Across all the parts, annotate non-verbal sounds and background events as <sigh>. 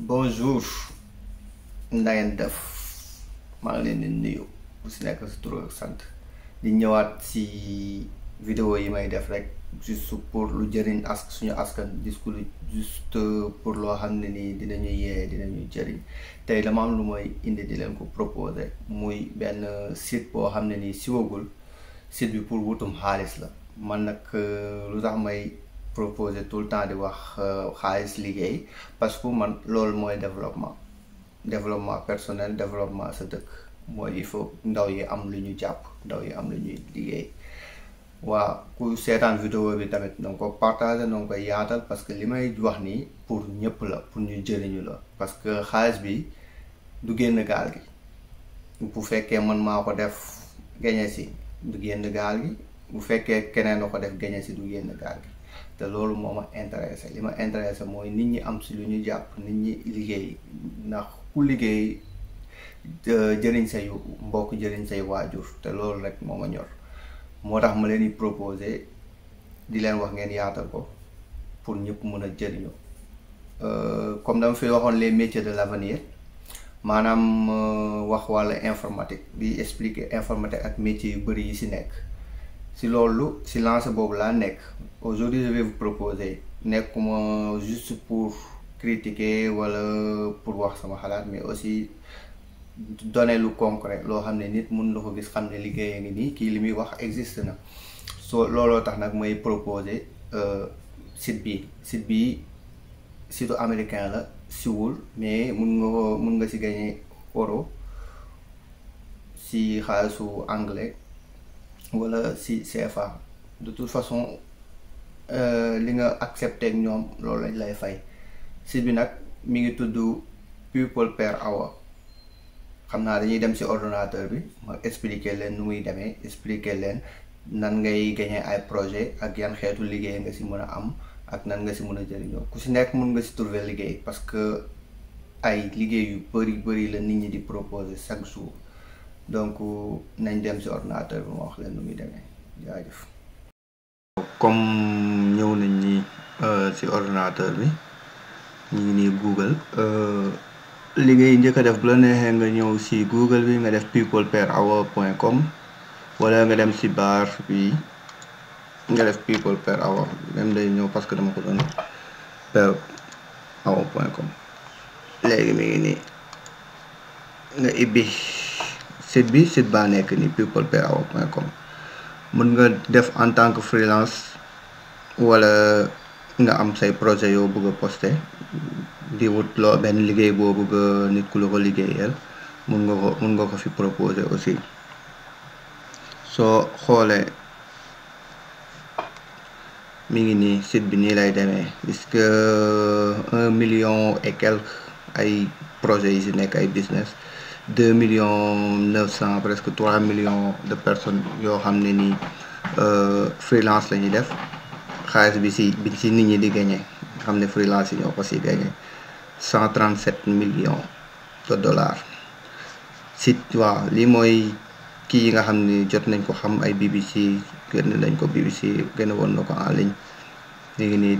bonjour na ngeen def maa ngi leen di nuyu bu si nekk si tur ak sant di ñëwaat si vidéo yi may def rek juste pour lu jëriñ as suñu askan discours juste pour loo xam ne nii dinañu yee dinañu jëriñ tey dama am lu mooy indi di leen ko proposé muy benn site boo xam ne nii siwagul sit bi pour wutum xaalis la man nag euh, lu tax may proposer tout le temps di wax euh, xaalis liggéey parce que man loolu mooy développement développement personnel développement sa dëkk mooy il faut ndaw yi am lu ñu jàpp ndaw yi am lu ñuy liggéey waaw ku seetaan vidéo bi tamit na nga ko partager na ko yaatal parce que li may wax nii pour ñëpp la pour ñu jëriñu la parce que xaalis bi du génn gaal gi bu fekkee man maa ko def gañe si du génn gaal gi bu fekkee keneen na ko def gañe si du génn gaal gi te loolu moo ma intéressé li ma intéressé mooy nit ñi am si lu ñu jàpp nit ñi liggéey ndax ku liggéey jëriñ say mbokk jëriñ say waajur te loolu rek moo ma ñor moo tax ma leen di proposé di leen wax ngeen yaatal ko pour ñëpp mën a jëriñoo euh, comme dama fi waxoon les métiers de l'avenir maanaam euh, wax wàlla informatique di expliquer informatique ak métiers yu bëri yi si nekk si loolu si lancé boobu laa nekk aujourd'hui je vais vous proposer nekkuma juste pour critiquer wala pour wax sama xalaat mais aussi donner lu concret loo xam ne nit mun na ko gis xam ne liggéeya ngi nii kii li muy wax existe na soo looloo tax nag may proposer euh, sit bi sit bi site américain la siwul mais mun nga ko mun nga si gagner euro si xaalisu anglais wala si CFA de toute façon euh, li nga accepté ak ñoom loolu lañ lay fay site bi nag mi ngi tudd people per hour xam naa dañuy dem si ordonateur bi ma expliquer leen nu muy demee expliquer leen nan ngay gañee ay projet ak yan xeetu liggéey nga si mën a am ak nan nga si mën a jëriñoo ku si nekk mun nga si trouver liggéey parce que ay liggéey yu bëri bëri la nit ñi di proposer chaque jour donc nañ dem si ordinateur bi ma wax leen nu muy demee jaajëf. comme ñëw nañ ni si euh, ordinateur bi ñu ngi nii Google. Euh, li ngay njëkk def bu la neexee nga ñëw si Google bi nga def people per hour point com wala nga dem si bar bi nga def people per hour même day ñëw parce que dama ko doon per hour point com léegi mi ngi nii nga ibbi. site bi site baa nekk ni peoplepao.com mën nga def en tant que freelance wala nga am say projet yoo bugg a poster di wut loo benn liggéey boo bëgg a nit ku la ko liggéeyal mun nga ko nga ko fi proposer aussi soo xoolee mu ngi nii site bi nii lay demee puisque euh, un million et quelque ay projets yi si nekk ay business deux millions neuf cent presque trois millions de personnes yoo xam ne nii euh, freelance la ñuy def xaalis bi si bi si nit ñi di gagné xam ne frilance yi ñoo ko si gagné cent trente sept millions de dollars si waaw lii mooy kii yi nga xam ne jot nañ ko xam ay BBC génn nañ ko BBC génn woon na ko en ligne léegi nii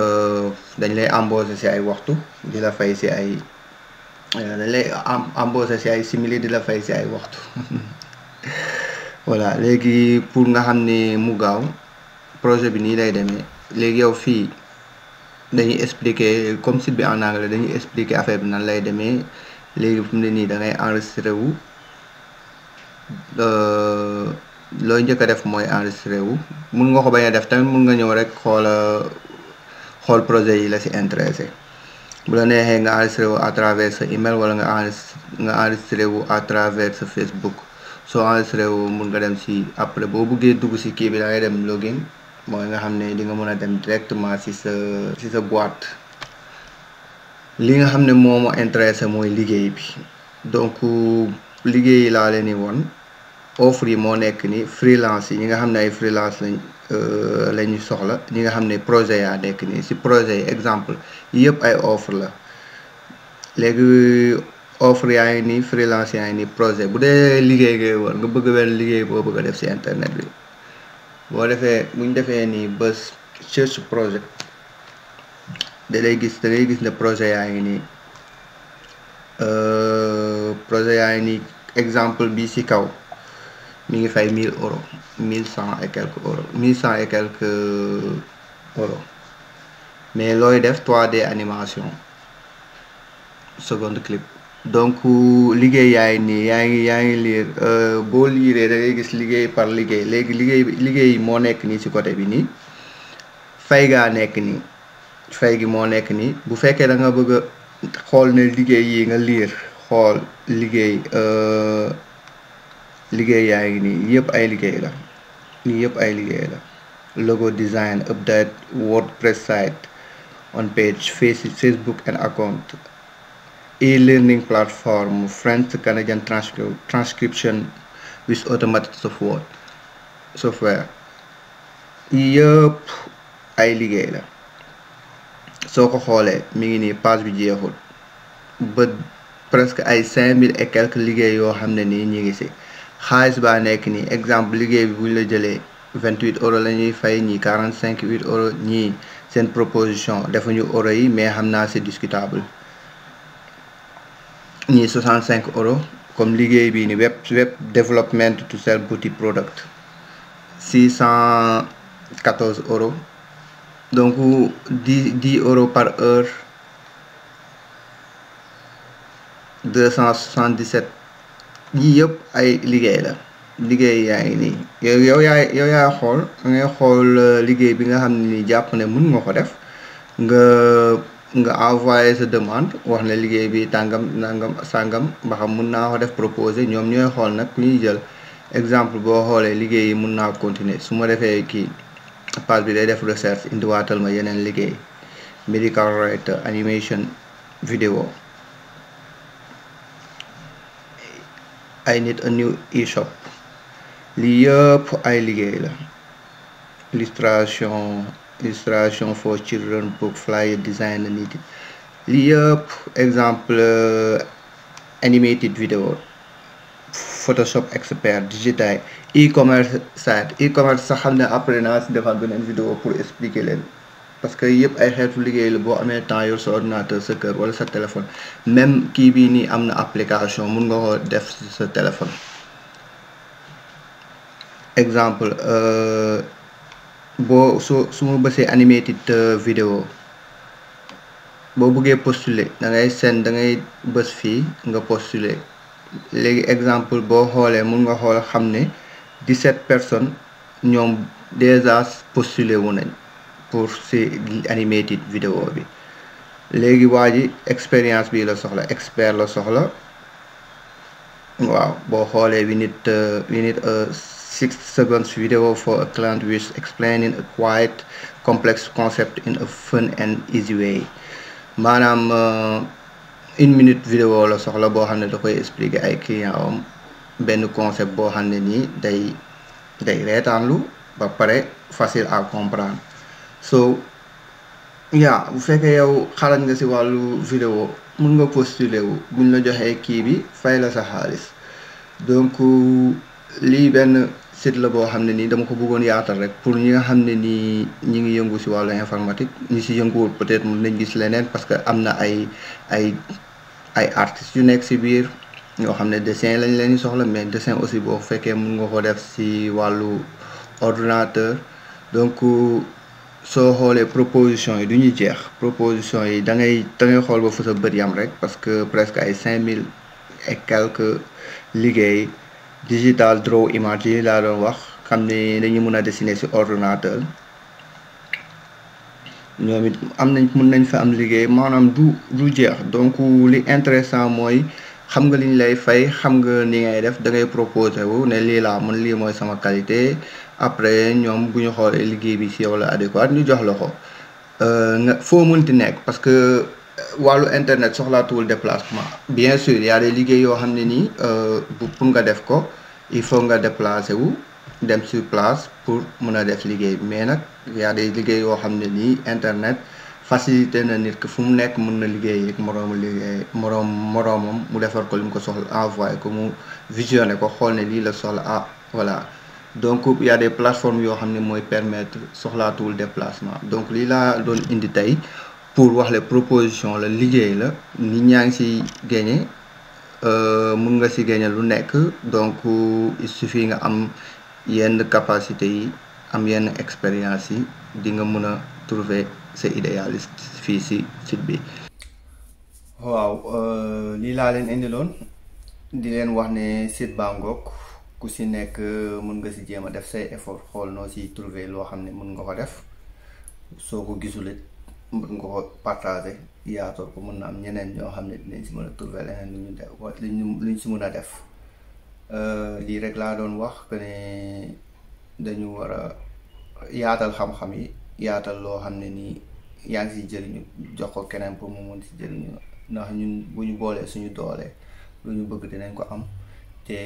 euh, dañ lay embaucher si ay waxtu dila fay si ay. dañ euh, lay embauché si ay simili di la fay si ay waxtu <laughs> voilà léegi pour nga xam ni mu gaaw projet bi nii lay demee léegi yow fii dañuy expliquer comme si bi en anglais dañuy expliquer affaire bi nan lay demee léegi fu mu ne nii dangay ngay enregistré wu euh, looy njëkk def mooy enregistré wu mun nga ko bañ def tamit mun nga ñëw rek xoola euh, xool projet yi la si intéressé bu la neexee nga enregistré wu à travers sa email wala nga enregistré nga enregistré wu à travers sa Facebook soo enregistré wu mun nga dem si après boo buggee dugg si kii bi da ngay dem login mooy nga xam ne di nga mën a dem directement si sa si sa boite li nga xam ne moo ma intéressé mooy liggéey bi donc liggéey laa leen di woon offre yi moo nekk ni freelance yi ñi nga xam ne ay freelance lañ. Euh, la ñu soxla ñi nga xam ne projet yaa nekk nii si projet yi exemple yëpp ay offre la léegi offre yaa ngi nii freelance yaa ngi nii projet bu dee liggéey ngay war nga bëgg benn liggéey boo bëgg a def si internet bi boo defee buñ defee nii bés cherche projet da lay gis da ngay gis ne projet yaa ngi nii euh, projet yaa ngi nii exemple bi si kaw mi ngi fay 1000 mille cent et quelques euros cent et quelques euros mais looy def trois d animation seconde clip donc liggéey yaay nii yaa ngi yaa ngi liir euh, boo liiree da ngay gis liggéey par liggéey léegi liggéey liggéey moo nekk nii si côté bi nii fay gaa nekk nii fay gi moo nekk nii bu fekkee da nga bëgg a xool ne liggéey yi nga liir xool liggéey euh, liggéey yaa ngi nii yëpp ay liggéey la nii yëpp ay liggéey la logo design update wordpress site on page facebook and account e-learning platform french canadian transcription with automatic software software yëpp ay liggéey la soo ko xoolee mi ngi nii page bi jeexul ba presque ay cinq mille et quelques liggéey yoo xam ne nii ñi ngi si xaalis baa nekk nii exemple liggéey bi bu ñu la jëlee vingt huit euros la ñuy fay ñii quarante cinq huit euros ñii seen proposition ñu euro yi mais xam naa c'est discutable ñii soixante cinq euros comme liggéey bii ni web web développement to sell boutique product six cent quatorze euros donc dix dix euros par heure cent soixante dix yii yëpp ay liggéey la liggéey yaa nii yow yow yaay yow yaay xool ngay xool euh, liggéey bi nga xam ni jàpp ne mun nga ko def nga nga envoyé sa demande wax ne liggéey bi tàngam nangam sàngam ba xam mun naa ko def proposé ñoom ñooy xool nag ku ñuy jël exemple boo xoolee liggéey yi mun naa continuer su ma defee kii page bi day def recherche indiwaatal ma yeneen liggéey medical writer animation vidéo I need a new e-shop lii yëpp ay liggéey la illustration illustration for children book flyer design la nit lii yëpp exemple euh, animated video photoshop expert digital e-commerce site e-commerce sax xam ne après naa si defar pour expliquer leen parce que yëpp ay xeetu liggéey la boo amee temps yor sa ordinateur sa kër wala sa téléphone même kii bii nii am na application mun nga ko def sa téléphone exemple euh, boo su su ma bësee animated euh, vidéo boo buggee postuler da ngay seen da ngay bës fii nga postuler léegi exemple boo xoolee mun nga xool xam ne 17 personnes ñoom déjà postulé wu nañ pour si animated vidéo bi léegi waa ji expérience bi la soxla expert la soxla waaw boo xoolee we need uh, we need a six seconds video for a client who is explaining a quite complex concept in a fun and easy way maanaam uh, une minute vidéo la soxla boo xam ne da koy expliquer ay client am benn concept boo xam ne nii day day reetaanlu ba pare facile à comprendre so yaa bu fekkee yow xalaat nga ci wàllu vidéo mun nga postuler wu buñ la joxee kii bi fay la sa xaalis donc lii benn site la boo xam ne nii dama ko bëggoon yaatal rek pour ñi nga xam ne nii ñi ngi yëngu ci wàllu informatique ñi ci yënguwul peut-être mën nañ gis leneen parce que am na ay ay ay artistes yu nekk ci biir ñoo xam ne dessin lañ leen di soxla mais dessin aussi boo fekkee mun nga ko def ci wàllu ordinateur donc soo xoolee proposition yi du ñu jeex proposition yi da ngay da xool ba fa sa bët yam rek parce que presque ay cinq mille et quelques liggéey digital draw image yi laa doon wax xam ni dañuy mën a dessiner ci ordinateur ñoom it am nañ mën nañ fa am liggéey maanaam du du jeex donc li intéressant mooy xam nga li ñu lay fay xam nga ni ngay def da ngay proposer ne lii laa mën lii mooy sama qualité après ñoom bu ñu xoolee liggéey bi si yow la adéquat ñu jox la ko euh, nga foo ti nekk parce que euh, wàllu internet soxlaatuwul déplacement bien sûr y a yoo xam ne nii euh, bu pour nga def ko il faut nga déplacé wu dem sur place pour mun a def liggéey mais nag y a liggéey yoo xam ne nii internet facilité na nit ki fu mu nekk mun na liggéey ak moroomu liggéey moroom moroomam mu defar ko li mu ko soxla envoyé ko mu visionné ko xool ne lii la soxla ah voilà donc il y a plateformes yoo xam ne mooy permettre soxlaatuwul déplacement donc lii laa doon indi tey pour wax le proposition la liggéey la nit ñaa ngi si gagné euh, mun nga si gagné lu nekk donc il suffit nga am yenn capacité yi am yenn expérience yi di nga mën a trouver sa idéaliste fii si site bi. waaw euh, lii laa leen indiloon di leen wax ne site baa ku si nekk euh, mun nga si jéem a def say effort xool noo si trouver loo xam ne mun nga ko def soo ko gisulit mun nga ko partager ko mun na am ñeneen ñoo xam ne dinañ mën a trouver leneen lu ñu def lu ñu si mën a def euh, lii rek laa doon wax que ne dañu war a yaatal xam-xam yi yaatal loo xam ne nii yaa ngi si jëriñu jox ko keneen pour mu mun si jëriñu ndax ñu bu ñu boolee suñu doolee lu ñu bëgg dinañ ko am te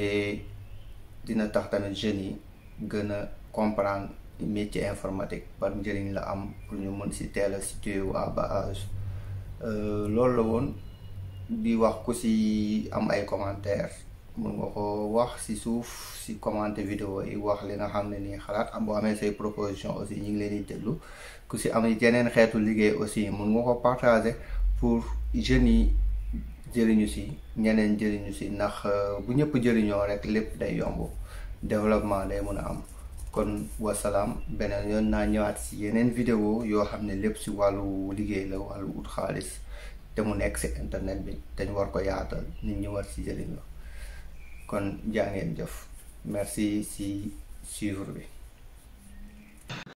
dina tax tamit jeunes yi gën a comprendre métier informatique par njëriñ la am pour ñu mën si teel a situé wu à bas euh, loolu la woon di wax ku si am ay commentaire mun nga ko wax si suuf si commenté vidéo yi wax li nga xam ne nii xalaat am boo amee say proposition aussi ñu ngi leen di déglu ku si am yeneen xeetu liggéey aussi mën nga ko partager pour jeunes yi jëriñu si ñeneen jëriñu si ndax euh, bu ñëpp jëriñoo rek lépp day yomb développement day mun a am kon wasalaam beneen yoon naa ñëwaat si yeneen vidéo yoo xam ne lépp si wàllu liggéey la wàllu ut xaalis te mu nekk si internet bi dañ war ko yaatal nit ñi war si jëriñoo kon jaa ngeen jëf merci si suivre bi